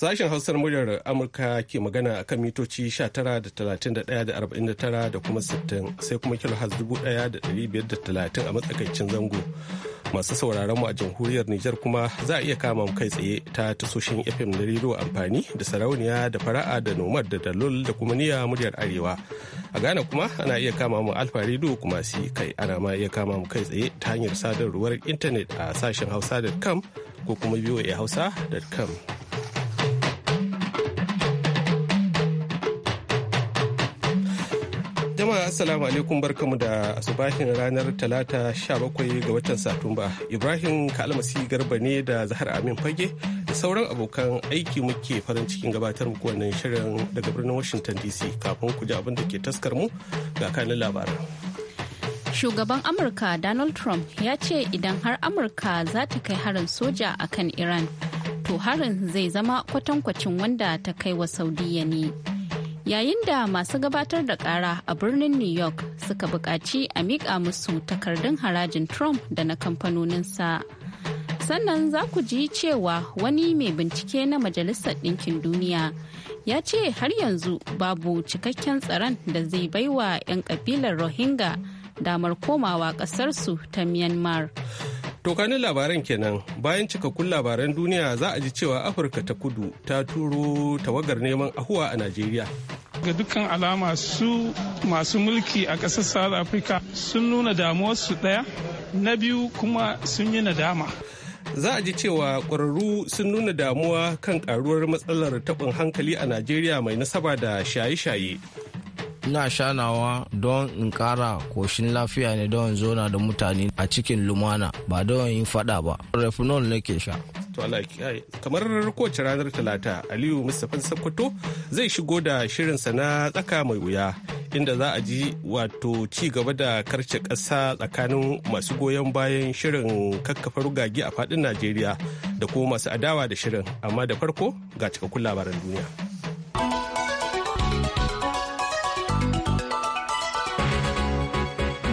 Sashen Hausar muryar Amurka ke magana a kan mitoci 19.31.49 da kuma 60 sai kuma kilohaz 1,530 a matsakaicin zango. Masu sauraron mu a jamhuriyar Nijar kuma za a iya kama mu kai tsaye ta tasoshin FM na rediyo amfani da sarauniya da fara'a da nomar da dalol da kuma niya muryar Arewa. A Ghana kuma ana iya kama mu alfa rediyo kuma si kai ana ma iya kama mu kai tsaye ta hanyar sadarwar intanet a sashen hausa.com ko kuma voahausa.com. Jama'a Assalamu alaikum barkamu da asubahin ranar talata 17 ga watan Satumba. Ibrahim Kalmasi Garba ne da Zahar Amin Fage da sauran abokan aiki muke farin cikin gabatar muku wannan shirin daga birnin Washington DC kafin ku ji abin da ke taskar mu ga kanin labaran. Shugaban Amurka Donald Trump ya ce idan har Amurka za ta kai harin soja a kan Iran, to harin zai zama kwatankwacin wanda ta kai wa Saudiya ne. yayin da masu gabatar da kara a birnin new york suka buƙaci a miƙa musu takardun harajin trump da na kamfanoninsa sannan za ku ji cewa wani mai bincike na majalisar ɗinkin duniya ya ce har yanzu babu cikakken tsaron da zai baiwa 'yan kabilar rohingya damar komawa ƙasarsu ta myanmar Tokanin labaran kenan bayan cikakkun labaran duniya za a ji cewa Afirka ta kudu ta turo tawagar neman ahuwa a Najeriya. Ga dukkan alama su masu mulki a ƙasar South Africa sun nuna damuwarsu ɗaya, na biyu kuma sun yi nadama. za a ji cewa ƙwararru sun nuna damuwa kan ƙaruwar matsalar taɓin hankali a najeriya mai nasaba da shaye-shaye ina shanawa don in kara koshin lafiya ne don zona da mutane a cikin lumana ba don yin fada ba refinol nake sha kamar kowace ranar talata aliyu mustapha sakkwato zai shigo da shirinsa na tsaka mai wuya inda za a ji wato ci gaba da karce ƙasa tsakanin masu goyon bayan shirin kakkafa rugagi a faɗin najeriya da kuma masu adawa da shirin amma da farko ga cikakkun labaran duniya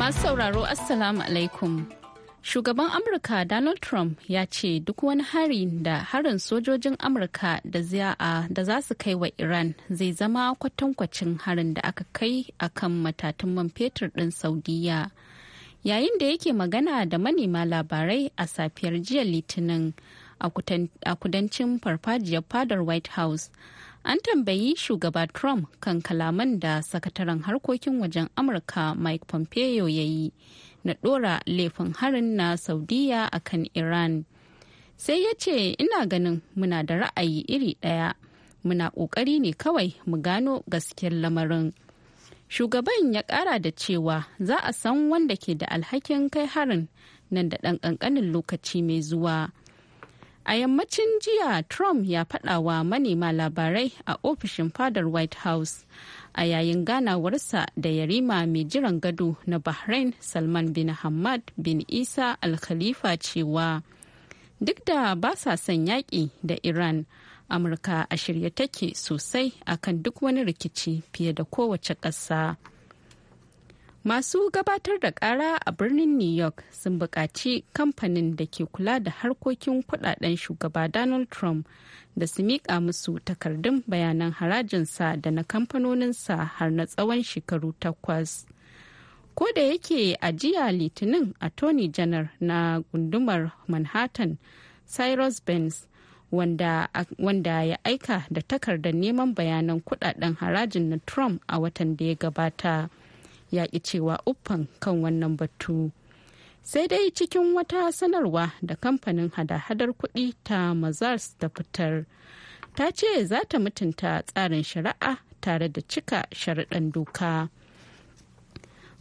Masu sauraro Assalamu alaikum. Shugaban Amurka Donald Trump ya ce duk wani hari da harin sojojin Amurka da za su kai wa Iran zai zama kwatankwacin harin da aka kai a kan matatun man fetur ɗin Saudiya. Yayin da yake magana da manema labarai a safiyar jiya Litinin a kudancin farfajiyar fadar White House. An tambayi shugaba Trump kan kalaman da sakataren harkokin wajen Amurka Mike Pompeo ya yi na ɗora laifin harin na Saudiya a kan Iran. Sai ya ce, "Ina ganin muna da ra'ayi iri ɗaya, muna ƙoƙari ne kawai mu gano gaskiyar lamarin." Shugaban ya ƙara da cewa za a san wanda ke da alhakin kai harin nan da ɗan ƙanƙanin lokaci mai zuwa. A yammacin jiya Trump ya faɗa wa manema labarai a ofishin fadar White House a yayin ganawarsa da yarima mai jiran gado na Bahrain Salman bin Hamad bin Isa Al Khalifa cewa duk da ba sa son yaƙi da Iran, Amurka a shirye take sosai akan duk wani rikici fiye da kowace ƙasa. Masu gabatar da kara a birnin New York sun buƙaci kamfanin da ke kula da harkokin kudaden shugaba Donald Trump da su miƙa musu takardun bayanan harajinsa da na kamfanoninsa har na tsawon shekaru takwas. Ko da yake a jiya Litinin Attorney General na gundumar Manhattan, Cyrus Benz, wanda, wanda ya aika da takardar neman bayanan kudaden harajin na Trump a watan da ya gabata. ya ki cewa uffan kan wannan batu sai dai cikin wata sanarwa da kamfanin hada-hadar kuɗi ta mazars ta fitar ta ce za ta mutunta tsarin shari'a tare da cika shari'an doka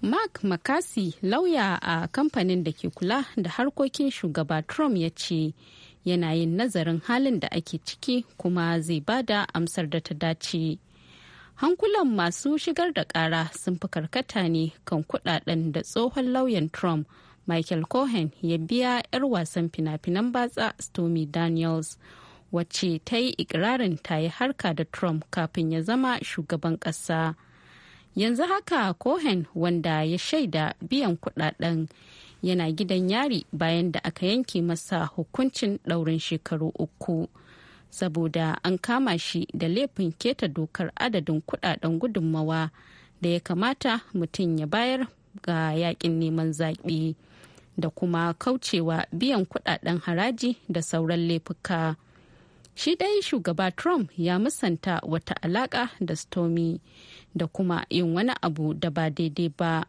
mark makasi lauya a kamfanin da ke kula da harkokin shugaba trump ya ce yana yin nazarin halin da ake ciki kuma zai bada amsar da ta dace. hankulan masu shigar da kara sun fi karkata ne kan kudaden da tsohon lauyan trump michael cohen ya biya 'yar wasan fina-finan batsa stormy daniels wacce ta yi ikirarin ta yi harka da trump kafin ya zama shugaban kasa yanzu haka cohen wanda ya shaida biyan kudaden yana gidan yari bayan da aka yanke masa hukuncin daurin shekaru uku. saboda an kama shi da laifin keta dokar adadin kudaden gudunmawa da ya kamata mutum ya bayar ga yakin neman zaɓe da kuma kaucewa biyan kudaden haraji da sauran laifuka. Shi dai shugaba Trump ya musanta wata alaka da Stormy da kuma yin wani abu da ba daidai ba.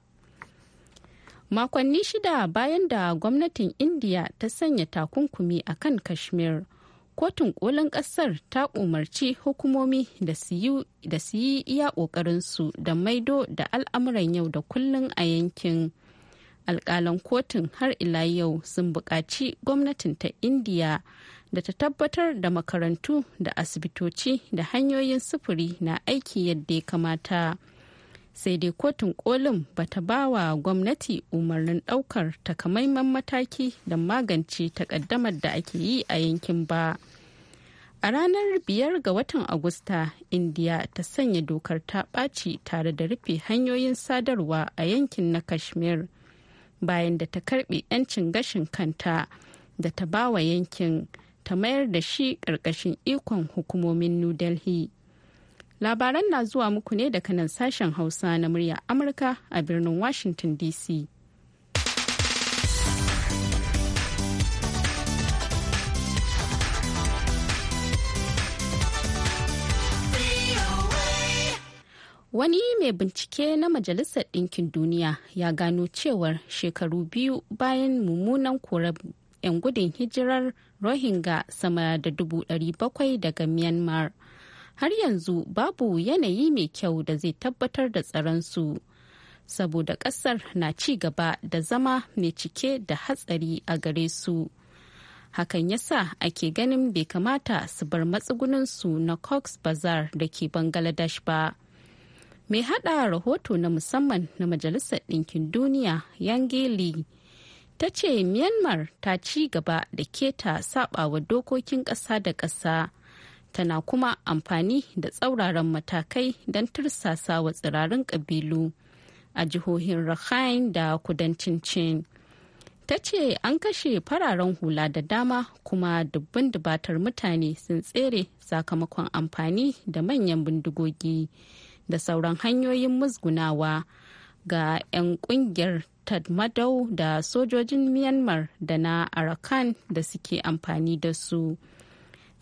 Makonni shida bayan da gwamnatin India ta sanya takunkumi a kan Kashmir. kotun kolin kasar ta umarci hukumomi da su yi iya ƙoƙarinsu da maido da al'amuran yau da kullun a yankin alkalan kotun har ila yau sun buƙaci gwamnatin ta indiya da ta tabbatar da makarantu da asibitoci da hanyoyin sufuri na aiki yadda ya kamata. sai dai kotun kolin ba ta ba wa gwamnati umarnin daukar takamaiman mataki da magance takaddamar da ake yi a yankin ba a ranar biyar ga watan agusta india ta sanya dokar ta ɓaci tare da rufe hanyoyin sadarwa a yankin na kashmir bayan da ta karbe 'yancin gashin kanta da ta ba wa yankin ta mayar da shi ƙarƙashin ikon hukumomin new delhi Labaran na zuwa muku ne daga nan sashen Hausa na murya Amurka a birnin Washington DC. Wani mai bincike na Majalisar Ɗinkin Duniya ya gano cewar shekaru biyu bayan mummunan korar 'yan gudun hijirar Rohingya sama da dubu bakwai daga Myanmar har yanzu babu yanayi mai kyau da zai tabbatar da tsaransu saboda ƙasar na ci gaba da zama mai cike da hatsari a gare su hakan yasa ake ganin bai kamata su bar matsugunansu na cox bazar da ke Bangaladesh ba mai hada rahoto na musamman na majalisar ɗinkin duniya yangeli ta ce myanmar ta ci gaba da keta sabawa dokokin ƙasa da ƙasa tana kuma amfani da tsauraran matakai don tursasa wa tsirarin ƙabilu a jihohin Rakhine da kudancin Chin. Ta ce an kashe fararen hula da dama kuma dubbin dubatar mutane sun tsere sakamakon amfani da manyan bindigogi da sauran hanyoyin musgunawa ga 'yan kungiyar tadmadau da sojojin Myanmar da na Arakan da suke amfani da su.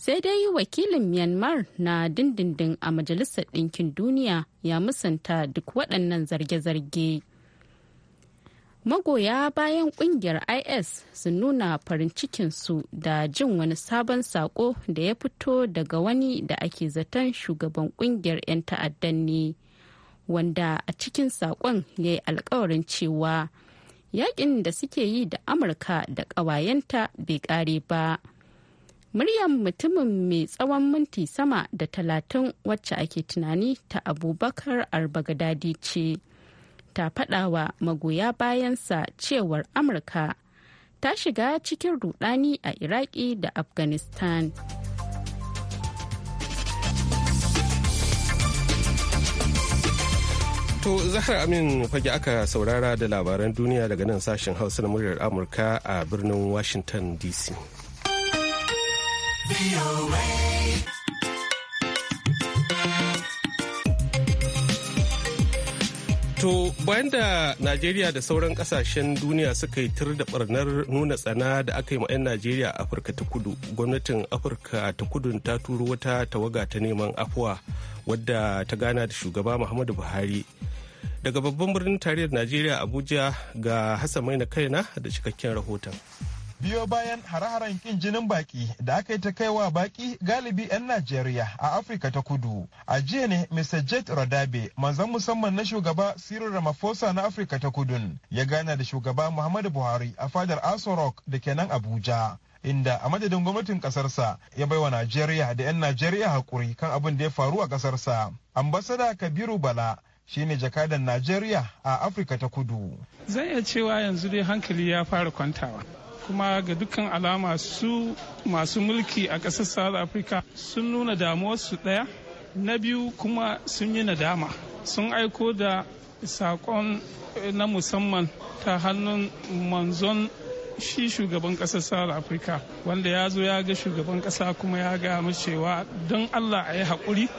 sai dai wakilin myanmar na dindindin a majalisar ɗinkin duniya ya musanta duk waɗannan zarge-zarge magoya bayan ƙungiyar is sun nuna farin cikinsu da jin wani sabon sako da ya fito daga wani da ake zaton shugaban ƙungiyar 'yan ta'addan ne wanda a cikin saƙon ya yi alkawarin cewa yakin da suke yi da amurka da ƙawayenta bai ƙare ba muryar mutumin mai tsawon minti sama da talatin wacce ake tunani ta abubakar arbagadadi ce ta faɗawa magoya bayansa cewar amurka ta shiga cikin rudani a iraki da afghanistan To Zahra Amin fage aka saurara da labaran duniya daga nan sashen hausa na muryar Amurka a birnin Washington DC. To bayan da Najeriya da sauran kasashen duniya suka yi tur da barnar nuna tsana da aka yi ma 'yan Najeriya a Afirka ta kudu, gwamnatin Afirka ta kudu ta turo wata tawaga ta neman afuwa wadda ta gana da shugaba Muhammadu Buhari. Daga babban birnin tariyar Najeriya Abuja ga Hassan na kaina da cikakken rahoton. biyo bayan hare-haren kin jinin baki da aka yi ta kaiwa baki galibi 'yan Najeriya a Afirka ta kudu. A jiya ne Mr. Jet Radabe, manzan musamman na shugaba Cyril Ramaphosa na Afirka ta kudun, ya gana da shugaba Muhammadu Buhari a fadar Aso da ke nan Abuja. inda a madadin gwamnatin kasarsa ya baiwa Najeriya da 'yan Najeriya haƙuri kan abin da ya faru a kasarsa. Ambasada Kabiru Bala shine jakadan Najeriya a Afirka ta kudu. Zan iya cewa yanzu dai hankali ya fara kwantawa. kuma ga dukkan alama su masu mulki a ƙasar south africa sun nuna damuwarsu ɗaya na biyu kuma sun yi nadama sun aiko da saƙon eh, na musamman ta hannun manzon shi shugaban ƙasar south africa wanda ya zo ya ga shugaban ƙasa kuma ya ga cewa don allah a yi haƙuri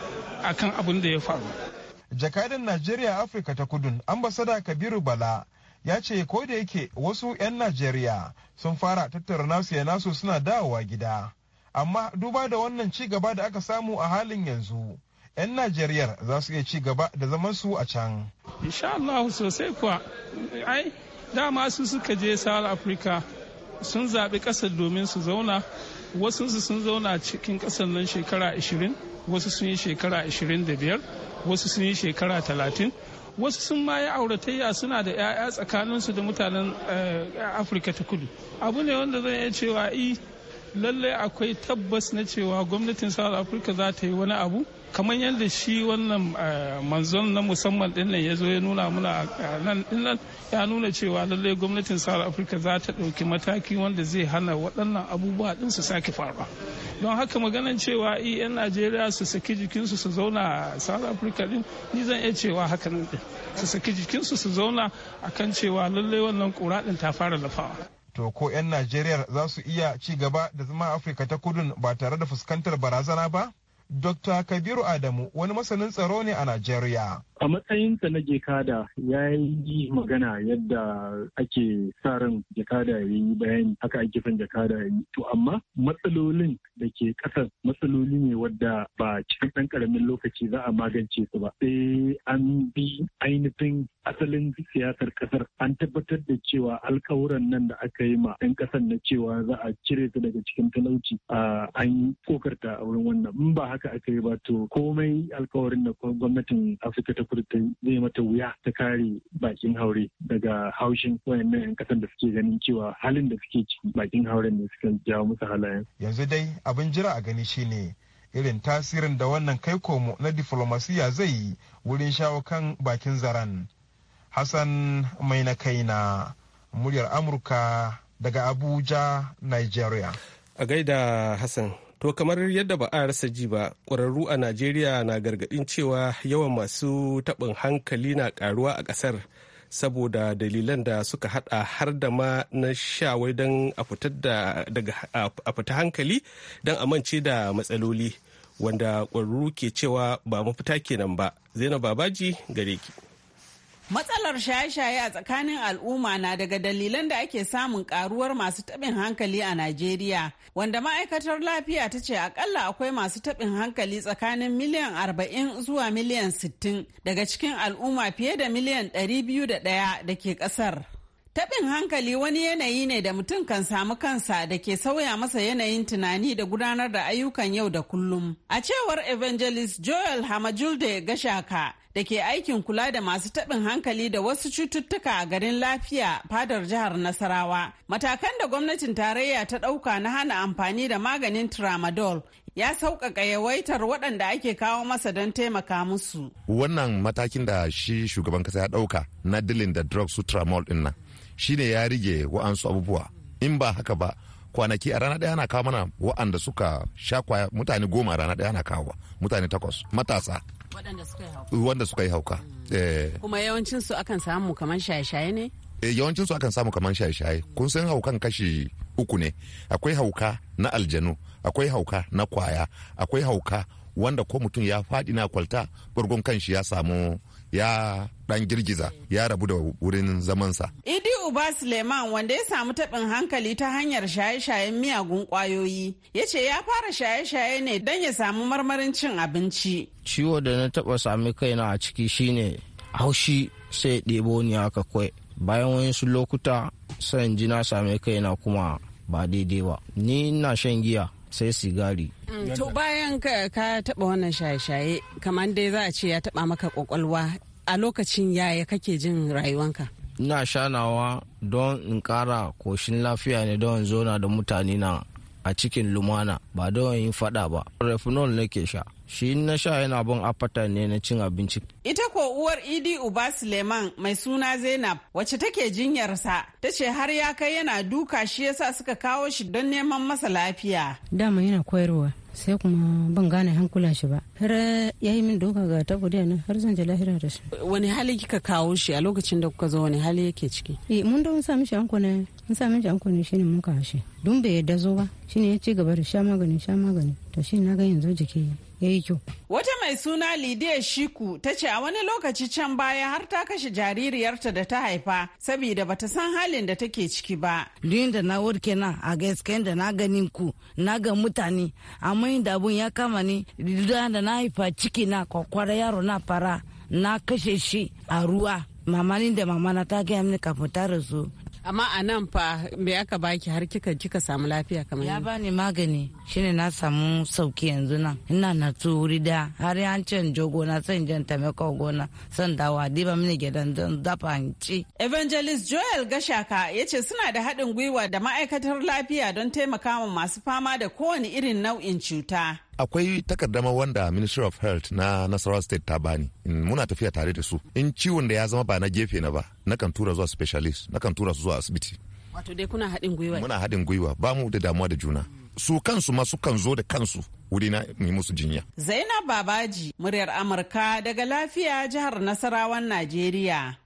a kan abin da ya faru jakadan najeriya afirka ta kudun ambasada kabiru bala ya ce ko da yake wasu 'yan najeriya sun fara tattara nasu ya nasu suna dawowa gida amma duba da wannan ci gaba da aka samu a halin yanzu 'yan najeriyar za su iya ci gaba da zaman su a can insha Allah sosai kuwa ai dama su suka je south africa sun zaɓi ƙasar domin su zauna wasu sun zauna cikin ƙasar nan shekara 20 wasu sun yi shekara 25 wasu sun yi shekara 30 wasu sun ma yi auratayya suna da 'ya'ya tsakaninsu da mutanen eh, afirka ta kudu abu ne wanda zan iya cewa i eh, lallai akwai tabbas na cewa gwamnatin south africa za ta yi wani abu kamar yadda shi wannan eh, manzon na musamman din ya zo ya nuna muna a eh, nan dinnan ya nuna cewa lallai gwamnatin south africa za ta ɗauki mataki wanda zai hana waɗannan abubuwa din su sake faruwa don haka maganan cewa yan najeriya su saki jikinsu su zauna a south africa din ni zan iya cewa haka nan din su saki jikinsu su zauna a kan cewa lallai wannan kura din ta fara lafawa to ko 'yan najeriya za su iya ci gaba da zama afirka ta kudun ba tare da fuskantar barazana ba Dr. Kabiru Adamu wani masanin tsaro ne a Najeriya. A matsayinsa na jekada ya yi magana yadda ake sa ran jakada ya yi bayan haka ake son jakada ya yi. To amma matsalolin da ke ƙasar matsaloli ne wadda ba cikin ɗan ƙaramin lokaci za a magance su ba. Sai an bi ainihin asalin siyasar ƙasar an tabbatar da cewa alkawuran nan da aka yi ma ɗan ƙasar na cewa za a cire su daga cikin talauci an kokarta a wurin wannan. In ba haka haka aka yi ba to komai alkawarin da gwamnatin afirka ta kudu zai mata wuya ta kare bakin haure daga haushin wayannan yan kasan da suke ganin cewa halin da suke ciki bakin haure ne suka jawo musu halayen yanzu dai abin jira a gani shine irin tasirin da wannan kai komo na diflomasiya zai yi wurin shawo kan bakin zaren hassan mai na kai na muryar amurka daga abuja nigeria a gaida hassan To kamar yadda ba a rasa ji ba, ƙwararru a Najeriya na gargaɗin cewa yawan masu taɓin hankali na ƙaruwa a ƙasar saboda dalilan da suka haɗa har da ma na shawai don a fita hankali don amince da matsaloli wanda ƙwararru ke cewa ba mafita kenan ba. Zainab Babaji gare ki. Matsalar shaye-shaye a tsakanin al'umma na daga dalilan da ake samun karuwar masu taɓin hankali a Najeriya, wanda ma'aikatar lafiya ta ce akalla akwai masu taɓin hankali tsakanin miliyan 40 zuwa miliyan 60 daga cikin al'umma fiye da miliyan 201 da ke ƙasar. Taɓin hankali wani yanayi ne da mutum kan samu kansa da ke sauya masa yanayin tunani da gudanar da ayyukan yau da kullum. A cewar Evangelist Joel Hamajulde Gashaka da ke aikin kula da masu taɓin hankali da wasu cututtuka a garin lafiya fadar jihar Nasarawa. Matakan da gwamnatin tarayya ta ɗauka na hana amfani da maganin tramadol ya sauƙaƙa yawaitar waɗanda ake kawo masa don taimaka musu. Wannan matakin da shi shugaban kasa ya ɗauka na dilin da drugs su Mall ɗin nan shine ya rige wa'ansu abubuwa in ba haka ba kwanaki a rana ɗaya na kawo mana wa'anda suka sha kwaya mutane goma a rana ɗaya na kawo mutane takwas matasa wanda suka yi hauka mm. eh. kuma yawancin su akan samu kamar shaye-shaye ne eh, yawancin su akan samu kamar shaye-shaye kun san haukan kashi uku ne akwai hauka na aljanu akwai hauka na kwaya akwai hauka wanda ko mutum ya faɗi na kwalta gurgun kanshi ya samu ya dan girgiza ya rabu da wurin zamansa. Idi Uba Suleiman wanda ya samu taɓin hankali ta hanyar shaye-shayen miyagun ƙwayoyi ya ce ya fara shaye-shaye ne don ya samu marmarin cin abinci. Ciwo da na taɓa sami kaina a ciki shine haushi sai ɗebo ni haka kwai bayan wasu lokuta sai ji na same kaina kuma ba daidai ba ni na shan giya sai sigari. Mm, to bayan ka taɓa wannan shaye-shaye kamar dai za a ce ya taɓa maka ƙwaƙwalwa a lokacin yaya kake jin rayuwanka? Ina shanawa don in ƙara koshin lafiya ne don zona da mutane na a cikin lumana ba don yin faɗa ba. Refinol nake sha. shi na sha yana bin afata ne na cin abinci. Ita ko uwar Idi Uba Suleiman mai suna Zainab wacce take jinyarsa ta ce har ya kai yana duka shi yasa suka kawo shi don neman masa lafiya. Dama yana koyarwa sai kuma ban gane hankula shi ba har ya yi min doka ga gudiya nan har zan ji lahira da shi. Wani hali kika kawo shi a lokacin da kuka zo wani hali yake ciki? Eh mun da mun sa mishi anko ne mun sa mishi ne mun kawo shi. Dun bai yadda zo ba ne ya ci gaba da sha magani sha magani to shi na ga yanzu jiki ya eh, Wata mai suna Lidiya Shiku ta ce a wani lokaci can baya har ta kashe jaririyarta da ta haifa saboda bata san halin da take ciki ba. Duyin da na warke na a gaske da na ganin ku na ga mutane amma inda abun ya kama ni da na haifa ciki na kwakwara yaro na fara na kashe shi a ruwa. mamani da mamana ta gaya mini kafin ta rasu amma a nan fa me aka baki har kika kika samu lafiya kamar ya bani magani shine na samu sauki yanzu nan ina na wuri da har an ce in gona sai jan tameko gona san dawa diba mini gidan zan dafa in ci evangelist joel gashaka ya ce suna da haɗin gwiwa da ma'aikatar lafiya don taimakawa masu fama da kowane irin nau'in cuta akwai takardama wanda ministry of health na nasarawa state ta bani muna tafiya tare da su in ciwon da ya zama ba na gefe na ba Na kan tura zuwa specialist Na kan tura su zuwa asibiti wato dai kuna haɗin gwiwa muna haɗin gwiwa ba mu da damuwa da juna su kansu ma sukan zo da kansu wurina mu musu jinya. Zainab Babaji, muryar Amurka daga lafiya jihar Nasarawan Najeriya.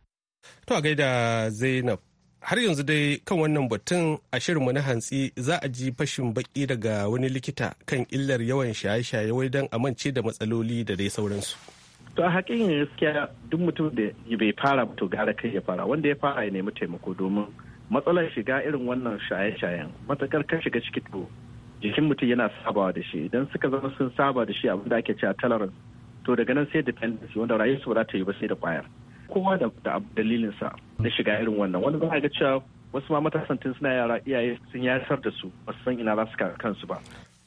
To a gaida Zainab. har yanzu dai kan wannan batun a shirinmu na hantsi za a ji fashin baki daga wani likita kan illar yawan shaye-shaye wai don amince da matsaloli da dai sauransu. to a hakikin gaskiya duk mutum da bai fara to gara kai ya fara wanda ya fara ya nemi taimako domin matsalar shiga irin wannan shaye-shayen matakar kan shiga ciki to jikin mutum yana sabawa da shi idan suka zama sun saba da shi abin da ake cewa tolerance to daga nan sai dependency wanda rayuwar su ba za ta yi ba sai da kwayar kowa da dalilinsa na shiga irin wannan wani za ga cewa wasu ma matasan tun suna yara iyaye sun yasar da su ba san ina za su kansu ba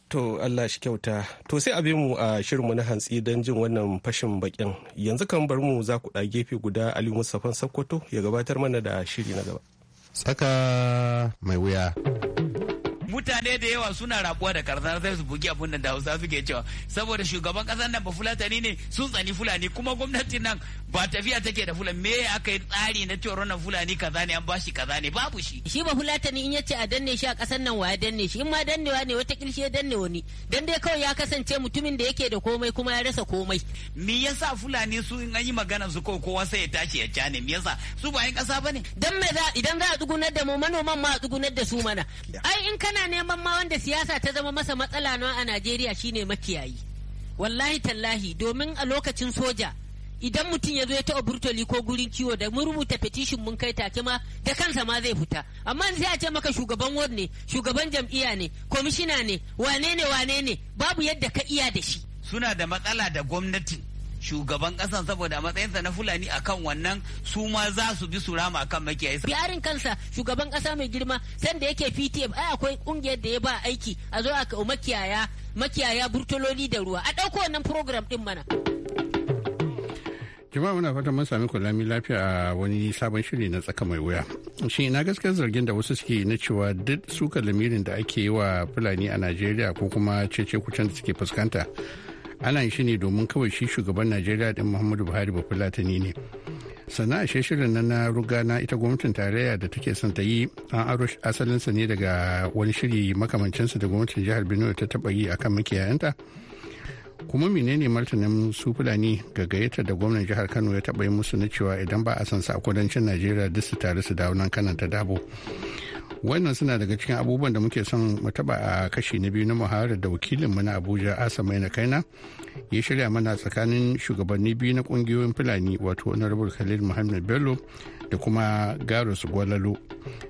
To Allah shi kyauta. To sai a mu a shirin mu na hantsi don jin wannan fashin bakin. Yanzu kan bar mu za ku gefe guda Ali Mustafa Sokoto ya gabatar mana da shiri na gaba. Tsaka mai wuya. mutane da yawa suna rabuwa da karsana sai su bugi abun da hausa suke cewa saboda shugaban kasar nan ba fulatani ne sun tsani fulani kuma gwamnati nan ba tafiya take da fulani me aka yi tsari na cewa wannan fulani kaza ne an bashi kaza ne babu shi shi ba fulatani in yace a danne shi a kasar nan waya danne shi in ma dannewa ne wata kilshe danne wani dan dai kawai ya kasance mutumin da yake da komai kuma ya rasa komai me yasa fulani su in an yi magana su ko kowa sai ya tashi ya cane me yasa su ba yan kasa bane dan me za idan za a tsugunar da mu manoman ma a tsugunar da su mana ai in kana ne neman ma wanda siyasa ta zama masa matsala na a Najeriya shine makiyayi. Wallahi tallahi domin a lokacin soja idan mutum ya zo ya taɓa burtoli ko gurin kiwo da mun rubuta fetishin mun kai take ma da kansa ma zai fita amma sai a ce maka shugaban ward ne shugaban jam'iyya ne komishina ne wane ne wane ne babu yadda ka iya da shi suna da matsala da gwamnatin. shugaban kasa saboda a matsayinsa na fulani akan wannan su ma za su bi su rama akan makiyayi. biyarin kansa shugaban kasa mai girma sanda yake ptf ai akwai kungiyar da ya ba aiki a zo a makiyaya makiyaya burtololi da ruwa a ɗauko wannan program ɗin mana. jama'a muna fatan mun sami kulami lafiya a wani sabon shiri na tsaka mai wuya shi ina gaskiyar zargin da wasu suke na cewa duk suka lamirin da ake yi wa fulani a najeriya ko kuma cece kucin da suke fuskanta ana shi ne domin kawai shi shugaban najeriya din muhammadu buhari ba fulatani ne sana'a a shirin na ruga na ita gwamnatin tarayya da take son ta yi an aro asalinsa ne daga wani shiri makamancinsa da gwamnatin jihar benue ta taba yi akan makiyayanta kuma menene martanin su fulani ga gayyatar da gwamnan jihar kano ya taba yi musu na cewa idan ba a san sa a kudancin najeriya duk su taru su dawo nan kanan ta dabo wannan suna daga cikin abubuwan da muke son mu taba a kashi na biyu na muhara da wakilin mu na abuja asamai na kaina ya shirya mana tsakanin shugabanni biyu na kungiyoyin fulani wato honorable khalil muhammad bello da kuma garus gwalalo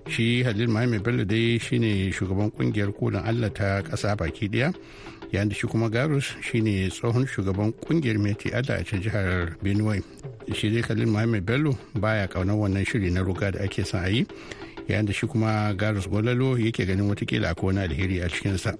shi Khalil muhammad bello dai shine shugaban kungiyar kolin allah ta kasa baki daya yayin da shi kuma garus shine tsohon shugaban kungiyar meti allah a jihar benue shi dai khalil muhammad bello baya kaunar wannan shiri na ruga da ake son a yi yayin da shi kuma garus gwalalo yake ganin watakila akwai wani alheri a cikinsa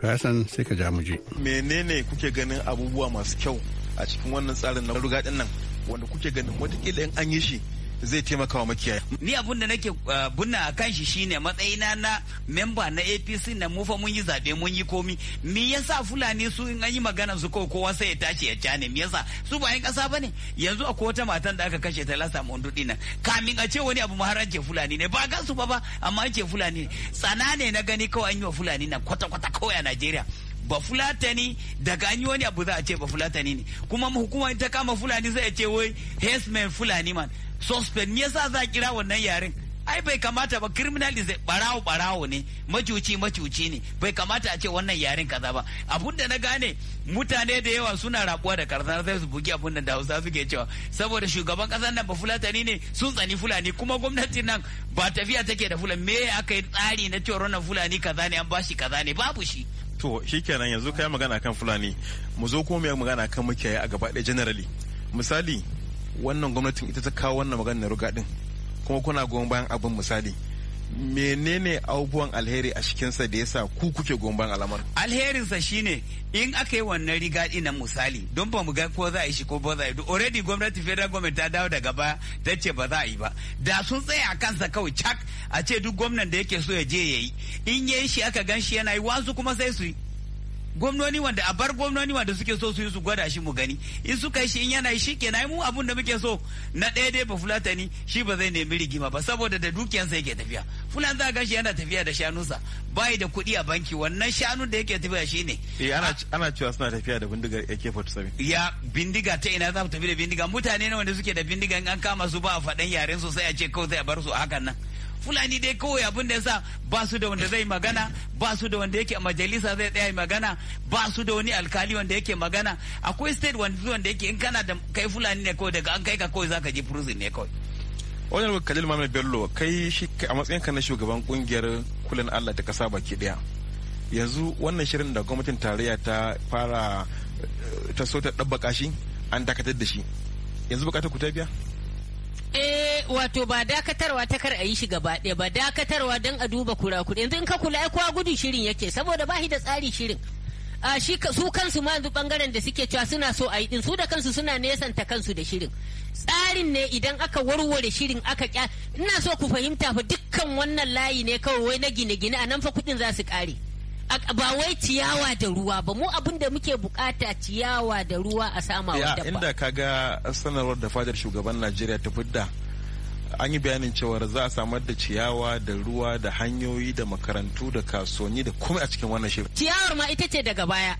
to hassan sai ka ja mu je menene kuke ganin abubuwa masu kyau a cikin wannan tsarin na rugadin nan wanda kuke ganin watakila in an yi shi zai taimaka wa makiyaya. Ni abun da nake eh, bunna a kan shi shine matsayina na memba na APC na mufa mun yi zaɓe mun yi komi. Me yasa Fulani su in an yi magana su ko kowa sai ya tashi ya cane me yasa su ba yan ƙasa ne yanzu a wata matan da aka kashe ta lasa mundu dina kamin a ce wani abu maharance Fulani ne ba gan su ba ba amma an ce Fulani ne tsana ne na gani kawai an yi wa Fulani na kwata kwata kawai a Najeriya. ba fulatani daga an wani abu za a ce ba fulatani ne kuma hukumar ta kama fulani zai ce wai hesman fulani man suspect me yasa za kira wannan yaren ai bai kamata ba criminal barawo barawo ne macuci macuci ne bai kamata a ce wannan yaren kaza ba abun da na gane mutane da yawa suna rabuwa da karzana sai su bugi abun da Hausa suke cewa saboda shugaban kasar nan ba fulatani ne sun tsani fulani kuma gwamnatin nan ba tafiya take da fulani me aka yi tsari na cewa wannan fulani kaza ne an bashi kaza ne babu shi to shi shikenan yanzu kai magana kan fulani mu zo kuma mai magana kan muke a gaba ɗaya generally misali wannan gwamnatin ita ta kawo wannan magana ruga din kuma kuna goyon bayan abin misali menene abubuwan alheri a cikinsa da yasa ku kuke gomban alamar alherinsa shine in aka yi wannan riga nan misali don ba mu ga ko za a yi shi ko ba za a yi already gwamnati federal government ta dawo daga baya ta ce ba za a yi ba da sun tsaya a kansa kawai cak a ce duk gwamnan da yake so ya je ya yi in ya yi shi aka gan shi yana yi wasu kuma sai su yi gwamnoni wanda a bar gwamnoni wanda suke so su yi su gwada shi mu gani in suka shi in yana shi kenan mu abun da muke so na ɗaya dai ba fulatani shi ba zai nemi rigima ba saboda da dukiyansa yake tafiya fulan za ga shi yana tafiya da shanunsa bayi da kuɗi a banki wannan shanun da yake tafiya shi ne eh, ana cewa suna tafiya da bindigar AK47 ya bindiga ta ina za mu tafi da bindiga mutane ne wanda suke da bindiga in an kama su ba a faɗan yaren su sai a ce kawai sai a bar su a hakan nan fulani dai kawai abin da yasa ba su da wanda zai magana ba su da wanda yake a majalisa zai tsaya magana ba su da wani alkali wanda yake magana akwai state wanda da yake in kana da kai fulani ne kawai daga an kai ka kawai zaka je prison ne kawai wajen wa Khalil Muhammad Bello kai shi a matsayin ka na shugaban kungiyar kulan Allah ta kasa baki daya yanzu wannan shirin da gwamnatin tarayya ta fara eh, ta so ta dabbaka shi an dakatar da shi yanzu bukatar ku ta biya wato ba dakatarwa ta kar a yi shi gaba ɗaya ba dakatarwa don a duba kura kuɗi yanzu in ka kula ai kowa gudu shirin yake saboda ba shi da tsari shirin a shi su kansu ma yanzu bangaren da suke cewa suna so a yi din su da kansu suna nesanta kansu da shirin tsarin ne idan aka warware shirin aka kya ina so ku fahimta fa dukkan wannan layi ne kawai wai na gine-gine a nan fa kuɗin za su ƙare ba wai ciyawa da ruwa ba mu abin da muke bukata ciyawa da ruwa a sama wadda ba inda kaga sanarwar da fadar shugaban Najeriya ta fidda an yi bayanin cewar za a samar da ciyawa da ruwa da hanyoyi da makarantu da kasuwanni da kuma a cikin wannan shirin. Ciyawar ma ita ce daga baya.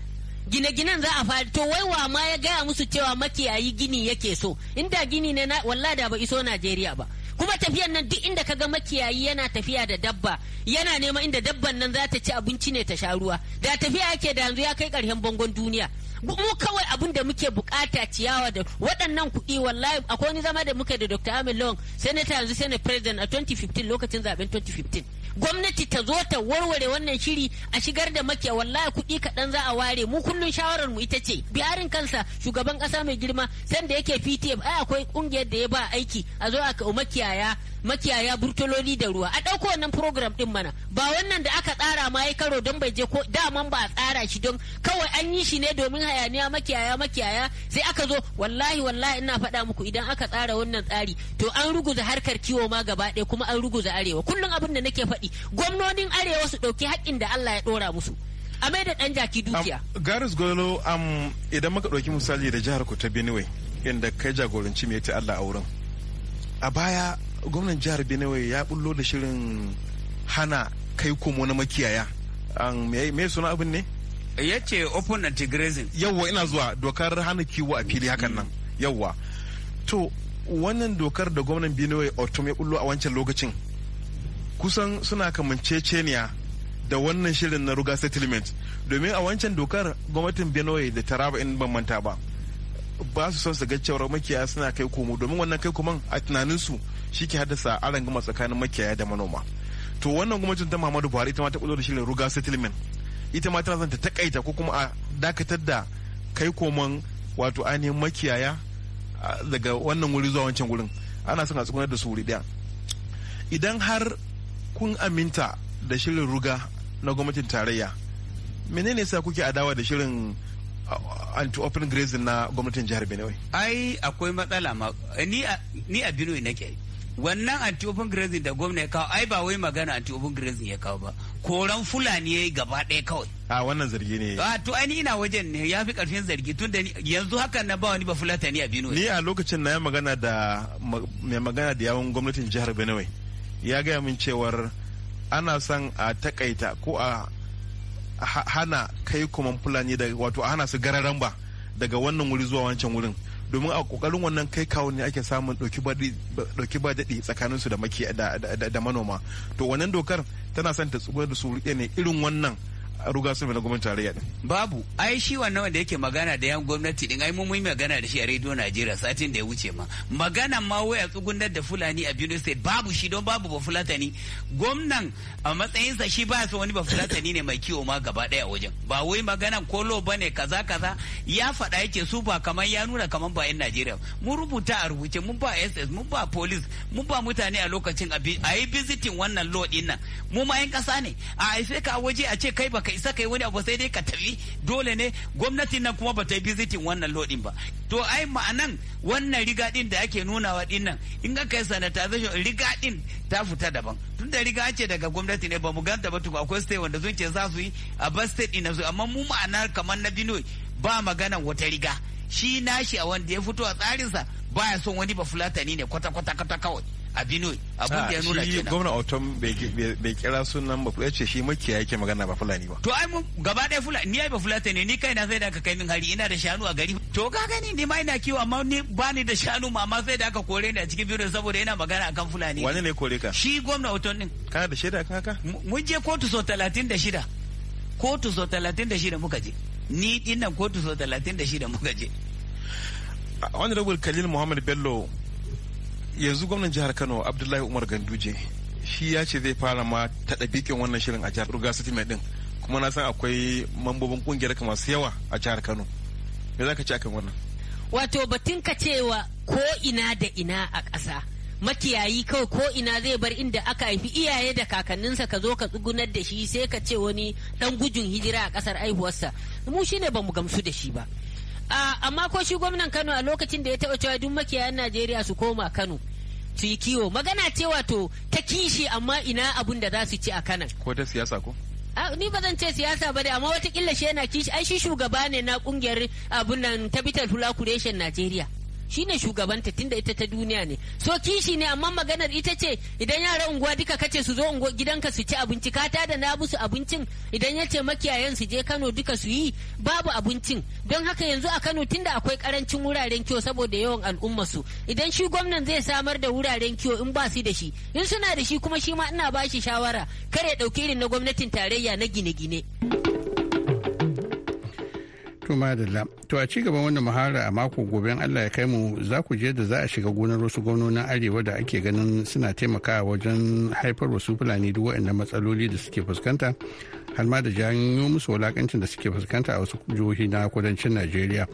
Gine-ginen za a fara to wai wa ma ya gaya musu cewa makiyayi gini yake so inda gini ne walla da ba iso Najeriya ba. kuma tafiyan nan duk inda kaga makiyayi yana tafiya da dabba yana nema inda dabban nan za ta ci abinci ne ta sha ruwa da tafiya yake da yanzu ya kai karshen bangon duniya mu kawai abin da muke bukata ciyawa da waɗannan kuɗi wallahi akwai wani zama da muke da Dr. Amin Long senator yanzu senate president a 2015 lokacin zaben 2015 gwamnati ta zo ta warware wannan shiri a shigar da makiya wallahi kuɗi kaɗan za a ware mu kullun shawarar mu ita ce biyarin kansa shugaban kasa mai girma sanda yake PTF ai akwai ƙungiyar da ya ba aiki a zo a makiyaya makiyaya burtuloli da ruwa a ɗauko wannan program ɗin mana ba wannan da aka tsara ma ya karo don bai je ko daman ba a tsara shi don kawai an yi shi ne domin hayaniya makiyaya makiyaya sai aka zo wallahi wallahi ina faɗa muku idan aka tsara wannan tsari to an ruguza harkar kiwo ma gaba ɗaya kuma an ruguza arewa kullum abin da nake faɗi gwamnonin arewa su ɗauki haƙƙin da Allah ya ɗora musu. a mai da ɗan jaki dukiya. Garis Golo idan muka ɗauki misali da jihar ku ta Benue inda kai jagoranci mai ta Allah a wurin. A baya gwamnan jihar benue ya bullo da shirin hana kai komo na makiyaya me suna abin ne ya ce open anti grazing yawwa ina zuwa dokar hana kiwo a fili hakan nan mm. yawwa to wannan dokar da gwamnan benue otom ya bullo a wancan lokacin kusan suna kamanceceniya da wannan shirin na ruga settlement domin a wancan dokar gwamnatin benue da taraba in ban manta ba ba su son su ga cewar makiyaya suna kai komo domin wannan kai koman a tunaninsu shi ke haddasa arangama tsakanin makiyaya da manoma to wannan gwamnatin ta muhammadu buhari ita ma ta kudu da shirin ruga settlement ita ma tana zanta ta takaita ko kuma a dakatar da kai koman wato ainihin makiyaya daga wannan wuri zuwa wancan wurin ana son a tsugunar da su wuri daya idan har kun aminta da shirin ruga na gwamnatin tarayya menene sa kuke adawa da shirin anti open grazing na gwamnatin jihar benue ai akwai matsala ma eh, ni a benue nake wannan anti-open grazing da gwamna ya kawo ai ba wai magana anti-open grazing ya kawo ba koran fulani ya yi gaba ɗaya kawai a wannan zargi ne a to ani ina wajen ne ya fi karfin zargi tun da yanzu hakan na ba wani ba fulatani a benue ni a lokacin na ya magana da mai magana da yawon gwamnatin jihar benue ya gaya min cewar ana son a takaita ko a hana kai kuma fulani da wato a hana su gararan ba daga wannan wuri zuwa wancan wurin domin a kokarin wannan kai kawo ne ake samun dauki ba daɗi tsakaninsu da manoma to wannan dokar tana son ta tsubar da su ne irin wannan ruga sun na gwamnatin tarayya din babu ai shi wannan wanda yake magana da yan gwamnati din ai mun yi magana da shi a radio Najeriya satin da ya wuce ma magana ma waya tsugunar da Fulani a Benue State babu shi don babu bafulatani gwamnan a matsayinsa shi ba so wani bafulatani ne mai kiwo ma gaba daya wajen ba wai magana kolo bane kaza kaza ya faɗa yake su ba kamar ya nuna kamar ba yan Najeriya mun rubuta a rubuce mun ba SS mun ba police mun ba mutane a lokacin a yi visiting wannan lo din nan mu ma yan kasa ne a haife ka waje a ce kai baka ka isa yi wani abu sai dai ka tafi dole ne gwamnati nan kuma ba ta yi bizitin wannan lodin ba to ai ma'anan wannan riga din da ake nunawa din nan in ka yi sanitization riga din ta fita daban tun da riga ce daga gwamnati ne ba mu ganta ba tukwa akwai state wanda sun za su yi a bas state din su amma mu ma'anar kamar na binoy ba magana wata riga shi nashi a wanda ya fito a tsarinsa ya son wani ba fulatani ne kwata-kwata kawai a Benue abin da ya nuna kenan gwamna Otom bai kira sunan ba ya ce shi makiya yake magana ba Fulani ba to ai mun gaba ɗaya Fulani ni ai ba Fulani ne ni kai na sai da aka kai min hari ina da shanu a gari to ka gani ni ma ina kiwo amma ni ba ni da shanu ma amma sai da aka kore ni a cikin Benue saboda ina magana akan Fulani wani ne kore ka shi gwamna Otom din kana da shaida kan haka mun je kotu so 36 kotu so 36 muka je ni dinnan kotu so 36 muka je honorable Khalil Muhammad Bello yanzu gwamnan jihar kano abdullahi umar ganduje shi ya ce zai fara ma taɗa bikin wannan shirin a jihar ruga city mai ɗin kuma na san akwai mambobin ƙungiyar ka masu yawa a jihar kano me za ka ci akan wannan wato batun ka cewa ko ina da ina a ƙasa makiyayi kawai ko ina zai bar inda aka haifi iyaye da kakanninsa ka zo ka tsugunar da shi sai ka ce wani ɗan gujin hijira a ƙasar aihuwarsa mu shi shine bamu gamsu da shi ba ah, amma ko shi gwamnan Kano a lokacin da ya taɓa cewa duk makiyayan Najeriya su koma Kano su yi kiwo magana ce wato ta kishi amma ina abun da za su ci a kanan ko ta siyasa ko ni ba zan ce siyasa ba dai amma watakila shi yana kishi ai shi shugaba ne na kungiyar abun nan ta bitar hula Nigeria. najeriya shine shugabanta tunda ita ta duniya ne so kishi ne amma maganar ita ce idan yara unguwa duka kace su zo unguwa gidanka su ci abinci ka tada na musu abincin idan ya ce makiyayan su je Kano duka su yi babu abincin don haka yanzu a Kano tunda akwai karancin wuraren kiwo saboda yawan al'umma su idan shi gwamnan zai samar da wuraren kiwo in ba su da shi in suna da shi kuma shi ma ina ba shi shawara kare dauki irin na gwamnatin tarayya na gine-gine. To madalla, to a ci gaban wannan muhara a mako gobe Allah ya kai mu za ku je da za a shiga gonar wasu gwamnonin arewa da ake ganin suna taimakawa wajen haifar wasu fulani duk waɗannan matsaloli da suke fuskanta har ma da janyo musu wulakancin da suke fuskanta a wasu jihohi na kudancin Najeriya.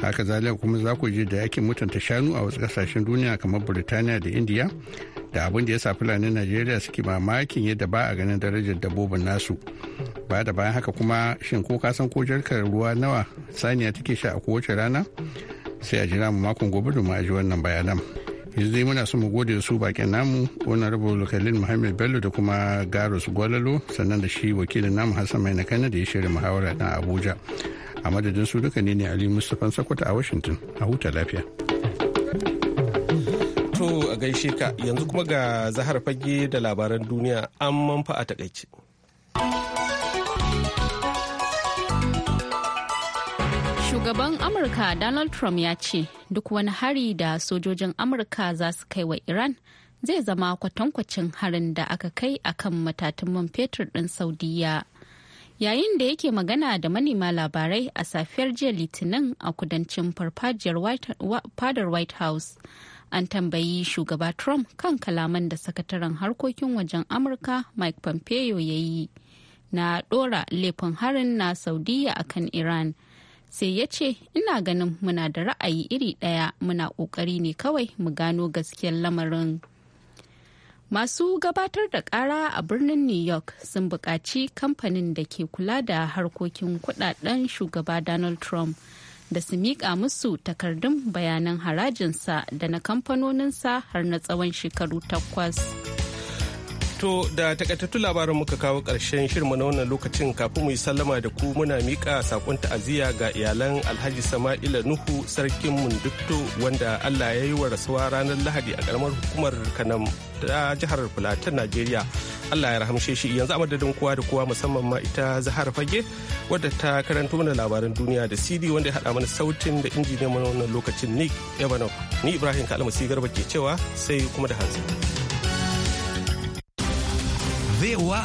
Haka zalika kuma za ku je da yakin mutunta shanu a wasu kasashen duniya kamar Burtaniya da Indiya da abin da ya sa fulani najeriya suke mamakin yadda ba a ganin darajar dabbobin nasu ba da bayan haka kuma shin ko ka san ko jarkar ruwa nawa saniya take sha a kowace rana sai a jira mu makon gobe domin a ji wannan bayanan yanzu dai muna so mu gode da su bakin namu wannan rabu lokalin muhammed bello da kuma garus gwalalo sannan da shi wakilin namu hassan mai na da ya shirya muhawara na abuja a madadin su duka ne ne ali mustapha sakwata a washington a huta lafiya gaishe ka yanzu kuma ga zahar fage da labaran duniya an manfa a takaice. Shugaban Amurka Donald Trump ya ce duk wani hari da sojojin Amurka za su kai wa Iran zai zama kwatankwacin harin da aka kai akan matatun man fetur ɗin Saudiya. Yayin da yake magana da manema labarai a safiyar jiya Litinin a kudancin farfajiyar fadar White House. an tambayi shugaba trump kan kalaman da sakataren harkokin wajen amurka mike pompeo ya yi na dora laifin harin na saudiya akan iran sai ya ce ina ganin muna da ra'ayi iri ɗaya muna ƙoƙari ne kawai mu gano gaskiyar lamarin masu gabatar da ƙara a birnin new york sun buƙaci kamfanin da ke kula da harkokin kudaden shugaba donald trump da su miƙa musu takardun bayanan harajinsa da na kamfanoninsa har na tsawon shekaru takwas. To da takaitattun labaran muka kawo ƙarshen shirma na wannan lokacin kafin mu yi sallama da ku muna miƙa saƙon ta'aziyya ga iyalan Alhaji Sama'ila Nuhu sarkin Mundukto wanda Allah ya yi wa rasuwa ranar Lahadi a ƙaramar hukumar Kanam ta jihar Filatin Najeriya. Allah ya rahamshe shi yanzu a madadin kowa da kowa musamman ma ita Zahar Fage wadda ta karanto mana labaran duniya da CD wanda ya haɗa mana sautin da injiniyan wannan lokacin Nick Ebanov. Ni Ibrahim Kalmasi Garba ke cewa sai kuma da hanzu. wow